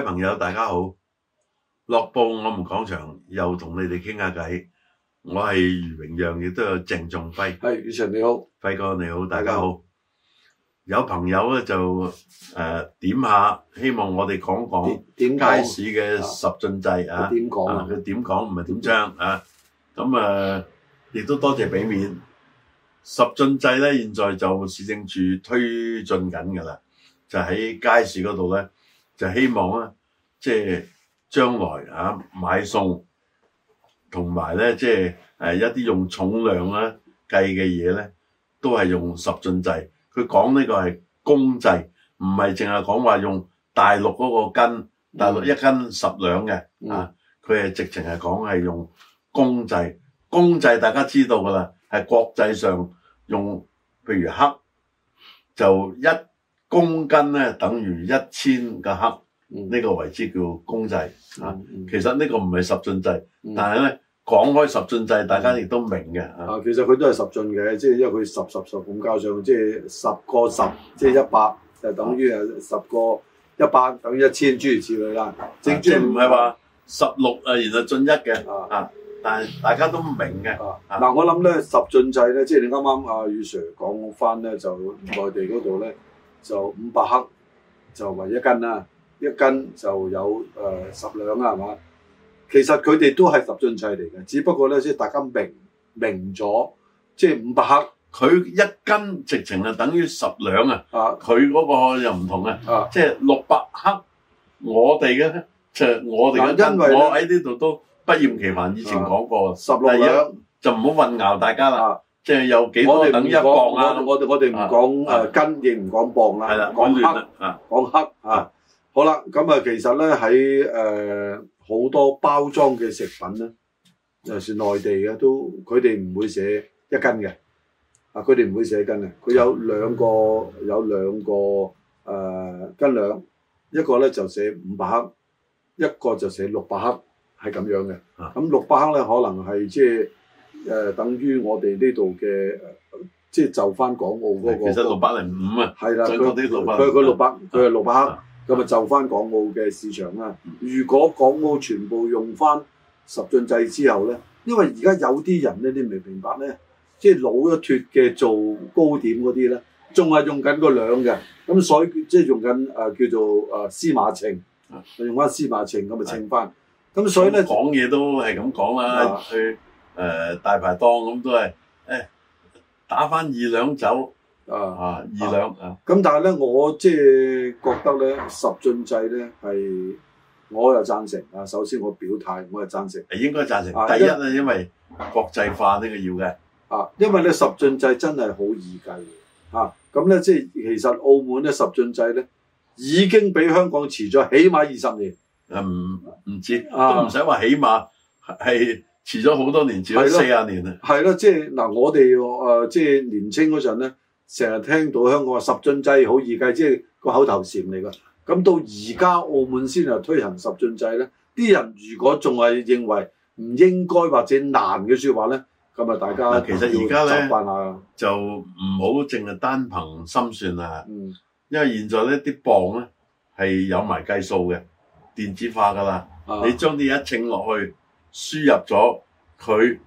各位朋友，大家好！落布，我們廣場又同你哋傾下偈。我係余榮耀，亦都有鄭仲輝。係，余 s 你好，輝哥你好，大家好。好有朋友咧就誒、呃、點下，希望我哋講講街市嘅十進制啊？點講啊？佢點講唔係點張啊？咁啊，亦、嗯啊、都多謝俾面。十進制咧，現在就市政處推進緊噶啦，就喺街市嗰度咧。就希望咧，即係將來啊買餸同埋咧，即係誒一啲用重量咧計嘅嘢咧，都係用十進制。佢講呢個係公制，唔係淨係講話用大陸嗰個斤，大陸一斤十兩嘅啊，佢係直情係講係用公制。公制大家知道㗎喇，係國際上用，譬如克就一公斤咧等於一千個克，呢、呢個為之叫公制吓、嗯啊。其實呢個唔係十進制，嗯、但係咧講開十進制，大家亦都明嘅、嗯嗯、啊，其實佢都係十進嘅，即係因為佢十十十咁加上，即係十個十，嗯、即係一百就等於啊十個一百、嗯、等於一千，諸如此類啦。即係唔係話十六然後是進啊，原來進一嘅啊，但係大家都明嘅。嗱、啊啊啊啊啊，我諗咧十進制咧，即係你啱啱阿雨 Sir 講翻咧，就內地嗰度咧。就五百克就為一斤啦，一斤就有十兩啦，係、呃、嘛？其實佢哋都係十進制嚟嘅，只不過咧，即大家明明咗，即係五百克，佢一斤直情就等於十兩啊！啊，佢嗰個又唔同啊！即係六百克，我哋嘅咧就是、我哋一斤，因為我喺呢度都不厭其煩以前講過，十、啊、六兩、那個、就唔好混淆大家啦。啊即係有幾多我哋唔一磅啦，我、啊、我哋唔講誒斤，亦唔講磅啦，講克，講克啊，啊，啊！好啦，咁啊，其實咧喺誒好多包裝嘅食品咧，就算是內地嘅都，佢哋唔會寫一斤嘅，啊，佢哋唔會寫斤嘅，佢有兩個有兩個誒斤、呃、兩，一個咧就寫五百克，一個就寫六百克，係咁樣嘅。咁六百克咧，可能係即係。誒、呃，等於我哋呢度嘅，即係就翻港澳嗰、那個。其實六百零五啊，係啦，佢佢六百，佢係六百克，咁咪就翻港澳嘅市場啦。如果港澳全部用翻十進制之後咧，因為而家有啲人咧，你明唔明白咧，即係老一脱嘅做高點嗰啲咧，仲係用緊個兩嘅，咁所以即係用緊、呃、叫做、呃、司馬秤，用翻司馬秤咁咪稱翻。咁所以咧講嘢都係咁講啦。誒、呃、大排檔咁都係誒、哎、打返二兩酒啊，啊二兩啊咁、啊、但係咧我即係覺得咧十進制咧係我有贊成啊，首先我表態，我有贊成應該贊成、啊、第一呢、啊，因為國際化呢個要嘅啊，因為咧十進制真係好易計啊，咁咧即係其實澳門咧十進制咧已經比香港遲咗起碼二十年啊，唔唔、啊、知都唔使話起碼係。遲咗好多年，遲咗四廿年啊！係咯、啊，即係嗱，我哋誒即係年青嗰陣咧，成日聽到香港話十進制好易計，即係個口頭禪嚟㗎。咁到而家澳門先係推行十進制咧，啲人如果仲係認為唔應該或者難嘅説話咧，咁啊，大家其實而家咧就唔好淨係單憑心算啦。嗯，因為現在呢啲磅咧係有埋計數嘅，電子化㗎啦、啊。你將啲嘢一稱落去。輸入咗佢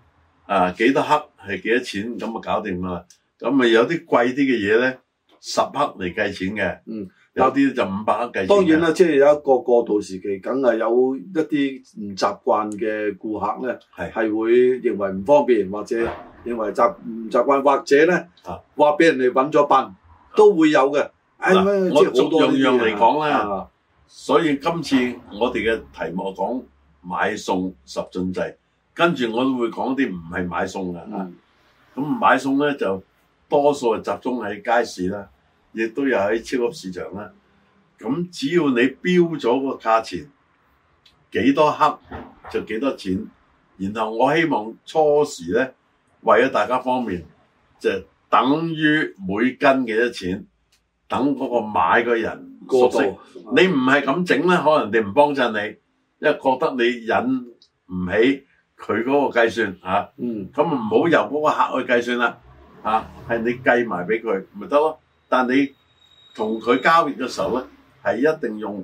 啊，幾多克係幾多錢咁啊，就搞掂啦。咁啊，有啲貴啲嘅嘢咧，十克嚟計錢嘅。嗯，有啲就五百克計錢。當然啦，即係有一個過渡時期，梗係有一啲唔習慣嘅顧客咧，係會認為唔方便，或者認為習唔習慣，或者咧話俾人哋揾咗笨都會有嘅。哎呀，即係好多樣樣嚟講啦。所以今次我哋嘅題目講。買餸十進制，跟住我都會講啲唔係買餸嘅。咁、嗯、買餸咧就多數係集中喺街市啦，亦都有喺超級市場啦。咁只要你標咗個價錢，幾多克就幾多錢，然後我希望初時咧為咗大家方便，就等於每斤幾多錢，等嗰個買嘅人熟悉。嗯、你唔係咁整咧，可能人哋唔幫襯你。因為覺得你引唔起佢嗰個計算嚇，嗯，咁唔好由嗰個客去計算啦，嚇、啊，係你計埋俾佢咪得咯。但你同佢交易嘅時候咧，係一定用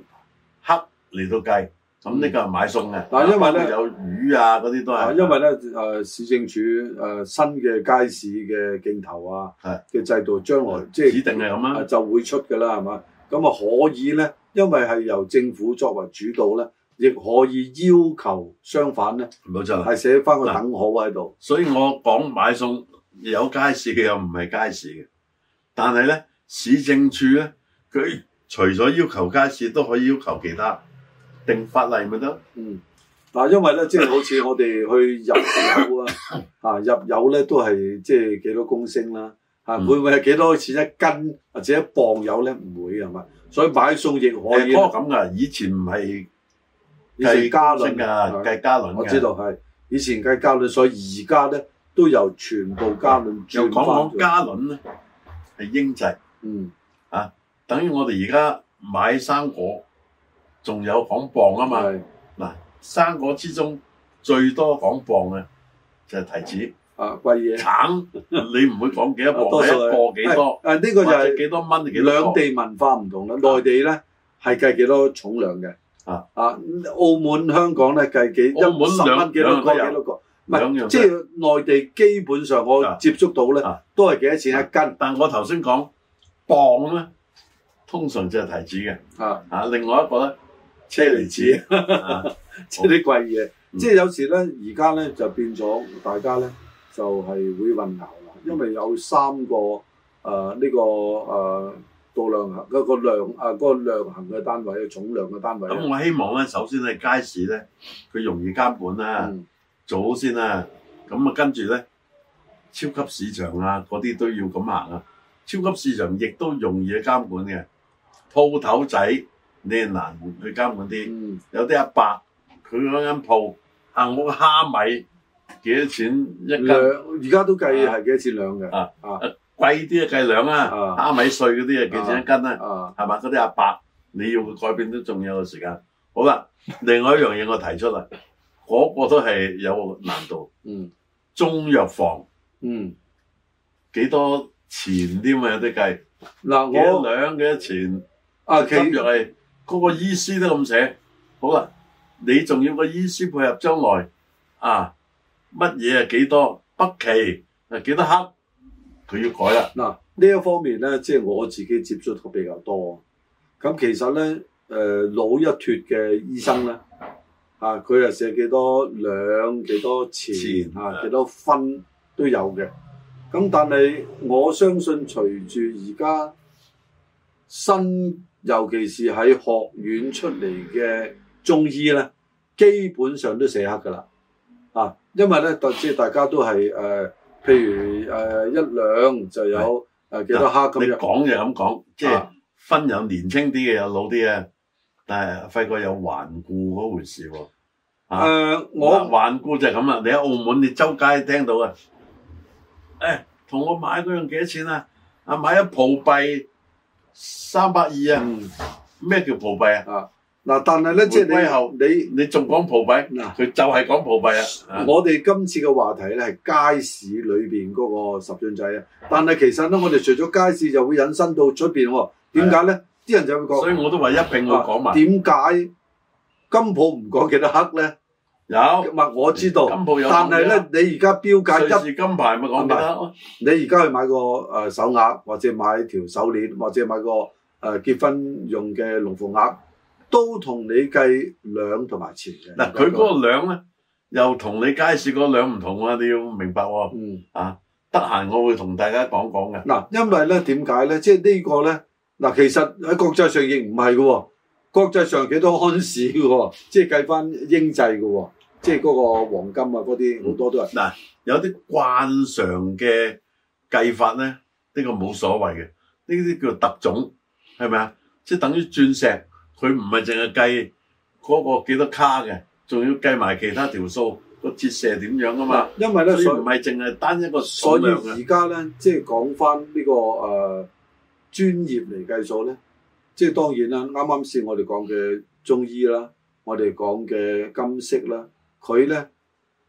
克嚟到計，咁、嗯、呢、嗯這個係買餸嘅。但因為咧有魚啊嗰啲都係，因為咧市政署誒、呃、新嘅街市嘅鏡頭啊嘅制度將，將來即係指定係咁啊，就會出㗎啦係嘛。咁啊可以咧，因為係由政府作為主導咧。亦可以要求相反咧，冇錯，係寫翻個等號喺度。所以我講買餸有街市嘅又唔係街市嘅，但係咧市政署咧，佢除咗要求街市都可以要求其他定法例咪得。嗯，嗱、啊，因為咧，即、就、係、是、好似我哋去入油啊， 啊入油咧都係即係幾多公升啦、啊，嚇會唔會係幾多錢一斤、嗯、或者一磅油咧，唔會嘅係咪？所以買餸亦可以。係咁嘅，以前唔係。計加侖真噶，計加侖，我知道係以前計加侖，所以而家咧都由全部加侖轉翻。又講講加侖咧，係英制。嗯啊，等於我哋而家買生果，仲有講磅啊嘛。嗱，生果之中最多講磅啊，就係提子。啊，貴嘢。橙，你唔會講幾多磅，多一個幾多？誒，呢、這個就係幾多蚊？兩地文化唔同啦，內地咧係計幾多重量嘅。啊！啊！澳門香港咧計，計澳門幾一蚊十蚊幾多個幾多個？唔係，即係內地基本上我接觸到咧、啊、都係幾多錢一斤。啊、但係我頭先講磅咧，通常就係提子嘅。啊啊！另外一個咧，車厘子，啲、啊、貴嘢、嗯。即係有時咧，而家咧就變咗，大家咧就係、係、會混淆啦，因為有三個誒呢、呃呢個誒。呃度量嗰個量啊，嗰、嗰個、量衡嘅、嗰個、單位，重量嘅單位、啊。咁我希望咧，首先咧街市咧，佢容易監管啦、啊嗯，做好先啦。咁啊，跟住咧，超級市場啊，嗰啲都要咁行啊。超級市場亦都容易去監管嘅，鋪頭仔你係難去監管啲、嗯。有啲阿伯，佢嗰間鋪啊，我蝦米幾多錢一兩？而家都計係幾多錢兩嘅啊啊！啊貴啲嘅計量啊，蝦、uh, 米碎嗰啲啊，幾錢一斤啊？係、uh, 嘛、uh,？嗰啲阿伯，你要改變都仲有個時間。好啦，另外一樣嘢我提出嚟、啊，嗰 個都係有個難度。嗯，中藥房，嗯，幾多錢添啊？有啲計，嗱、啊、我兩幾多錢？啊，中藥係嗰個醫師都咁寫。好啦，你仲要個醫師配合將來啊？乜嘢啊？幾多北芪啊？幾多克？佢要改啦。嗱，呢一方面咧，即、就、係、是、我自己接觸得比較多。咁其實咧，誒、呃、老一脱嘅醫生咧，啊，佢係寫幾多兩、幾多錢、嚇、啊、幾多分都有嘅。咁但係我相信隨，隨住而家新，尤其是喺學院出嚟嘅中醫咧，基本上都寫黑噶啦。啊，因為咧，即係大家都係誒。呃譬如誒、呃、一兩就有誒幾、哎啊、多克咁樣，你講就咁講即係分有年青啲嘅，有老啲嘅，係輝哥有頑固嗰回事喎。誒，我頑固就係咁啦。你喺澳門你周街聽到啊。誒，同我買嗰樣幾多錢啊？啊，啊哎、買,啊買一葡幣三百二啊？咩、嗯、叫葡幣啊？啊！嗱，但係咧，即係你你你仲講蒲幣嗱，佢就係講蒲幣啊！我哋今次嘅話題咧係街市裏邊嗰個十進制啊。但係、啊啊、其實咧，我哋除咗街市就會引申到出邊喎。點解咧？啲人就會講，所以我都話一並我講埋點解金鋪唔講幾多克咧？有唔係我知道，金鋪有但係咧、啊、你而家標價一金牌咪講幾多？你而家去買個誒、呃、手鐲，或者買條手鏈，或者買個誒、呃、結婚用嘅龍鳳鐲。都同你計兩同埋錢嘅嗱，佢嗰個兩咧又同你街市個兩唔同啊！你要明白喎、啊，嗯啊，得閒我會同大家講講嘅。嗱，因為咧點解咧？即係呢個咧嗱，其實喺國際上亦唔係喎。國際上幾多安士嘅，即係計翻英制嘅，即係嗰個黃金啊，嗰啲好多都係嗱、嗯，有啲慣常嘅計法咧，呢個冇所謂嘅，呢啲叫特種，係咪啊？即係等於鑽石。佢唔係淨係計嗰個幾多卡嘅，仲要計埋其他條數個折射係點樣啊嘛。因為咧，所以唔係淨係單一個數。所以而家咧，即係講翻呢個誒、呃、專業嚟計數咧，即係當然啦。啱啱先我哋講嘅中醫啦，我哋講嘅金飾啦，佢咧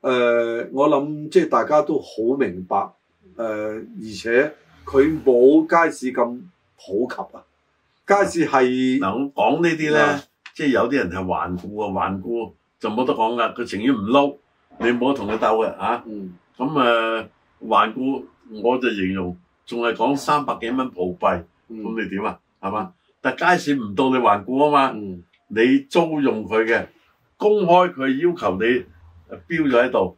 誒，我諗即係大家都好明白誒、呃，而且佢冇街市咁普及啊。街市係能我講呢啲咧、嗯，即係有啲人係頑固啊，頑固就冇得講噶，佢情願唔撈，你冇同佢鬥嘅啊。咁、嗯、啊、呃，頑固，我就形容仲係講三百幾蚊葡幣，咁、嗯、你點啊？係嘛？但街市唔到你頑固啊嘛，嗯、你租用佢嘅，公開佢要求你標咗喺度，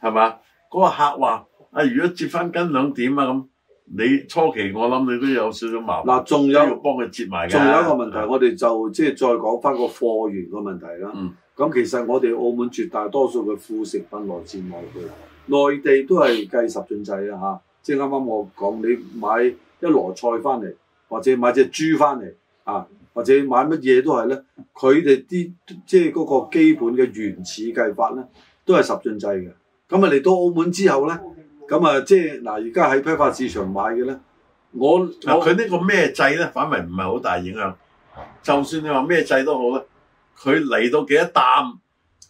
係嘛？嗰、那個客話：啊，如果跌翻斤兩點啊咁。你初期我諗你都有少少麻煩，仲有幫佢接埋，仲有一個問題，我哋就即係、就是、再講翻個貨源嘅問題啦。咁、嗯、其實我哋澳門絕大多數嘅副食品來自外地，內地都係計十進制啊吓。即係啱啱我講你買一籮菜翻嚟，或者買隻豬翻嚟啊，或者買乜嘢都係咧，佢哋啲即係嗰個基本嘅原始計法咧，都係十進制嘅。咁啊嚟到澳門之後咧，咁啊，即係嗱，而家喺批發市場買嘅咧，我佢呢個咩制咧，反為唔係好大影響。就算你話咩制都好咧，佢嚟到幾多啖，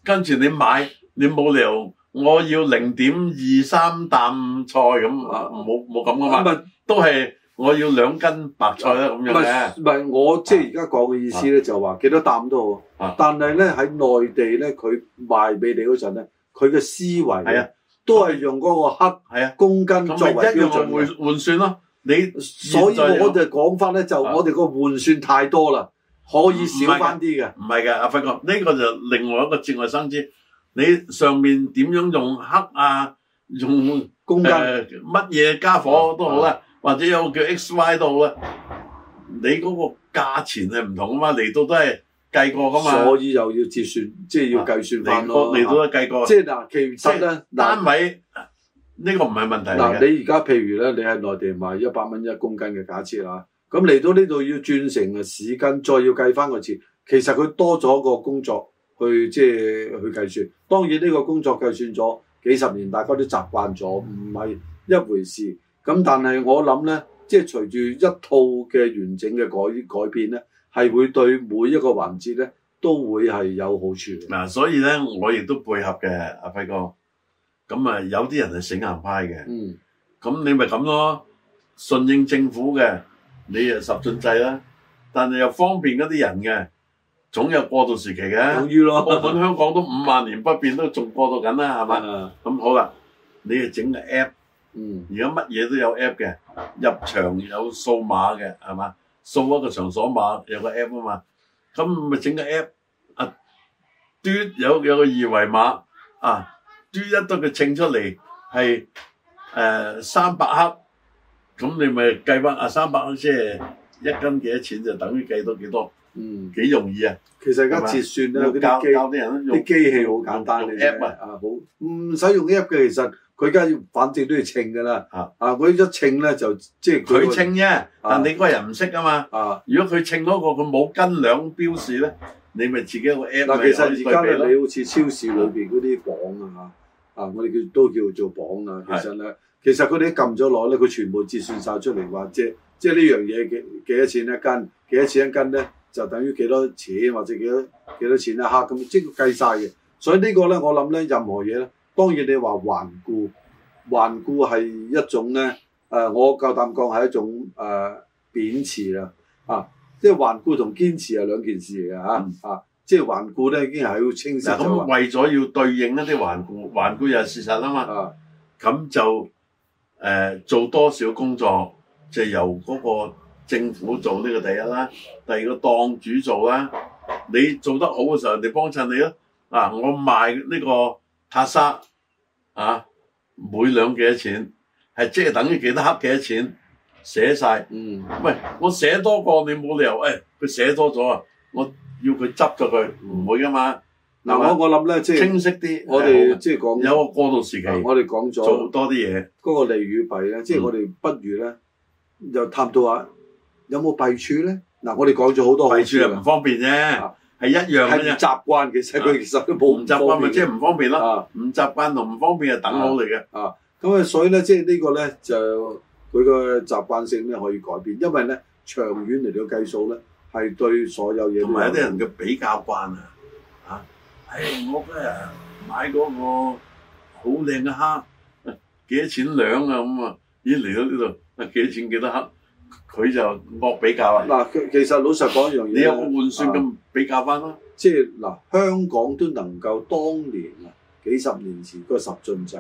跟住你買，你冇理由我要零點二三啖菜咁啊，冇冇咁噶嘛？唔係，都係我要兩斤白菜啦咁樣嘅、啊。唔係，我即係而家講嘅意思咧，就話、是、幾多啖都好，啊、但係咧喺內地咧，佢賣俾你嗰陣咧，佢嘅思維啊。都係用嗰個克、公斤作為標準，一樣換換算咯。你所以我就講翻咧，就我哋個換算太多啦，可以少翻啲嘅。唔係嘅，阿輝哥呢個就另外一個節外生枝。你上面點樣用克啊？用公斤，乜嘢家伙都好啦，或者有個叫 X Y 都好啦。你嗰個價錢係唔同啊嘛，嚟到都係。計過噶嘛？所以又要折算，啊、即係要計算翻咯。嚟到計過。啊、即係嗱、啊，這個啊，其實咧，單位呢個唔係問題。嗱，你而家譬如咧，你喺內地賣一百蚊一公斤嘅假設啦，咁嚟到呢度要轉成啊市斤，再要計翻個錢，其實佢多咗個工作去，即係去計算。當然呢個工作計算咗幾十年，大家都習慣咗，唔係一回事。咁但係我諗咧，即係隨住一套嘅完整嘅改改變咧。係會對每一個環節咧都會係有好處。嗱、啊，所以咧我亦都配合嘅，阿、啊、輝哥，咁啊有啲人係死硬派嘅。嗯，咁你咪咁咯，順應政府嘅，你啊十進制啦，但係又方便嗰啲人嘅，總有過渡時期嘅，于咯，我本香港都五萬年不變都仲過渡緊啦，係嘛，咁、啊、好啦，你啊整個 app，嗯，而家乜嘢都有 app 嘅，入場有數碼嘅，係嘛。掃一個場所碼有個 APP，嘛個 app 啊嘛，咁咪整個 app，啊端有有個二維碼，啊端、啊、一得佢稱出嚟係誒三百克，咁你咪計翻啊三百蚊即係一斤幾多錢就等於計多幾多，嗯，幾容易啊，其實而家結算咧，啲人、啊、用啲機器好簡單嘅、啊，啊好，唔使用 app 嘅其實。佢而家反正都要稱噶啦。啊，啊，佢一稱咧就即係佢稱啫。但你個人唔識啊嘛。啊，如果佢稱嗰個佢冇斤兩標示咧，你咪自己個 A。嗱，其實而家、啊、你好似超市裏面嗰啲磅啊，啊，我哋叫都叫做磅啊。其實咧，其實佢哋撳咗落咧，佢全部折算曬出嚟話，即即係呢樣嘢幾幾多錢一斤，幾多錢一斤咧，就等於幾多錢或者幾多幾多錢啊客咁即係計曬嘅。所以個呢個咧，我諗咧，任何嘢咧。當然你話頑固，頑固係一種咧，誒、呃、我夠膽講係一種誒貶詞啦，啊！即、就、係、是、頑固同堅持係兩件事嚟嘅嚇，啊！即、嗯、係、啊就是、頑固咧已經係要清晰。咁、啊、為咗要對應一啲頑固，頑固又事實啊嘛。咁、啊、就誒、呃、做多少工作，就由嗰個政府做呢、這個第一啦，第二個檔主做啦。你做得好嘅時候，人哋幫襯你咯。嗱，我賣呢、這個。客沙啊，每兩幾多錢，係即係等於幾多克幾多錢，寫晒。嗯，唔，我寫多個你冇理由，誒、哎，佢寫多咗、嗯、啊，我要佢執咗佢，唔會噶嘛。嗱，我我諗咧，即、就、係、是、清晰啲。我哋即係講有個過渡時期。嗯、我哋講咗做好多啲嘢，嗰、那個利與弊咧，即係我哋不如咧，就探到話有冇弊處咧。嗱、嗯，我哋講咗好多。弊處係，唔方便啫。係一樣嘅，係唔習慣。其實佢其實都冇唔習慣，咪即係唔方便咯。唔習慣同唔方便係等我嚟嘅。啊，咁啊，啊，啊，所以咧，即係呢個咧，就佢個習慣性咧，可以改變，因為咧長遠嚟到計數咧，係、啊、對所有嘢。同埋有啲人嘅比較慣啊，啊，唉、哎，我今日買嗰個好靚嘅蝦，幾多錢兩啊，咁啊，咦，嚟到呢度幾多錢幾多克？佢就惡比較啊！嗱，其實老實講一樣嘢，你有冇換算咁比較翻咯？即係嗱，香港都能夠當年幾十年前個十進制，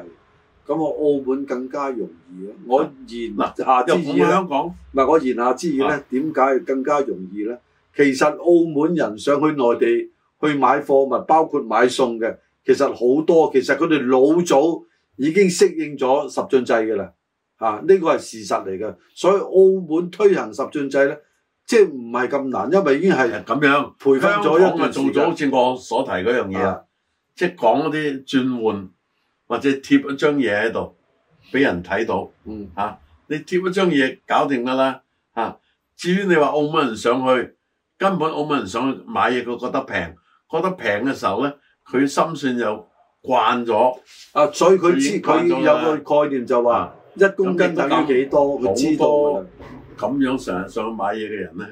咁我澳門更加容易咯。我言下之意香港，唔係我言下之意咧，點解更加容易咧？其實澳門人想去內地去買貨物，包括買餸嘅，其實好多。其實佢哋老早已經適應咗十進制嘅啦。啊！呢、這個係事實嚟嘅，所以澳門推行十進制咧，即係唔係咁難，因為已經係咁樣培訓咗一個做咗，好似我所提嗰樣嘢啦、啊，即係講嗰啲轉換或者貼一張嘢喺度俾人睇到。嗯、啊，嚇你貼一張嘢搞掂㗎啦。嚇、啊，至於你話澳門人上去，根本澳門人上去買嘢，佢覺得平，覺得平嘅時候咧，佢心算又慣咗。啊，所以佢知佢有個概念就話、是。啊一公斤等於幾多？佢知道咁樣成日上去買嘢嘅人咧，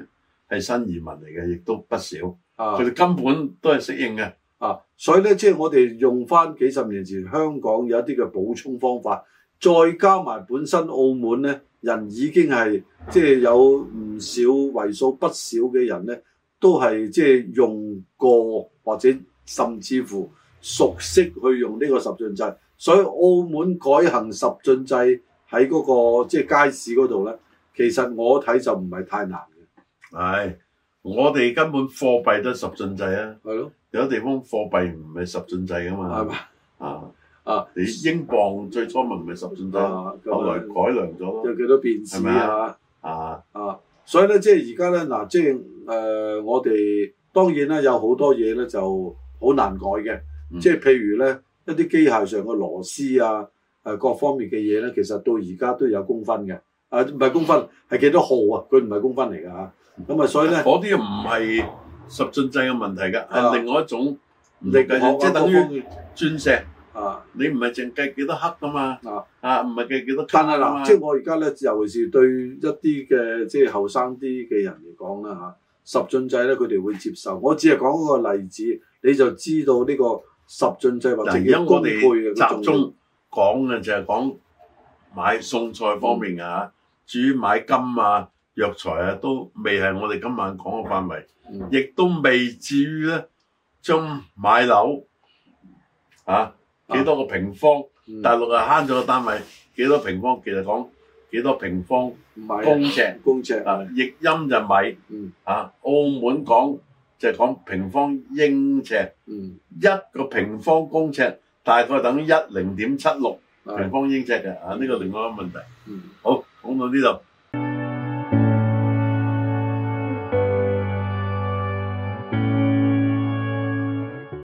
係新移民嚟嘅，亦都不少。其實、啊、佢哋根本都係適應嘅。啊，所以咧，即、就、係、是、我哋用翻幾十年前香港有一啲嘅補充方法，再加埋本身澳門咧，人已經係即係有唔少為數不少嘅人咧，都係即係用過或者甚至乎熟悉去用呢個十進制，所以澳門改行十進制。喺嗰、那個即係街市嗰度咧，其實我睇就唔係太難嘅。係、哎，我哋根本貨幣都係十進制啊。係咯，有啲地方貨幣唔係十進制噶嘛。係嘛？啊啊，啊！你英鎊最初咪唔係十進制、啊，後來改良咗咯。有幾多變異啊，啊？啊啊！所以咧，即係而家咧，嗱、啊，即係誒、呃，我哋當然咧有好多嘢咧就好難改嘅、嗯。即係譬如咧，一啲機械上嘅螺絲啊。誒各方面嘅嘢咧，其實到而家都有公分嘅，誒唔係公分係幾多號啊？佢唔係公分嚟㗎嚇，咁啊，所以咧，嗰啲唔係十進制嘅問題㗎，係、啊、另外一種唔、啊、理即係、啊就是、等於鑽石啊！你唔係淨計幾多克㗎嘛啊？唔係計幾多克嘛、啊？但係嗱、啊，即係我而家咧，尤其是對一啲嘅即係後生啲嘅人嚟講啦嚇，十進制咧佢哋會接受。我只係講一個例子，你就知道呢個十進制或者嘅分配嘅集中。講嘅就係講買餸菜方面嘅嚇，至於買金啊、藥材啊，都未係我哋今晚講嘅範圍，亦都未至於咧。將買樓嚇幾多個平方，大陸啊慳咗個單位幾多平方，其實講幾多平方米，公尺，公尺啊，譯音就米嚇。澳門講就係講平方英尺，一個平方公尺，大概等於一零點七六平方英尺嘅啊，呢個另外一個問題。嗯，好，講到呢度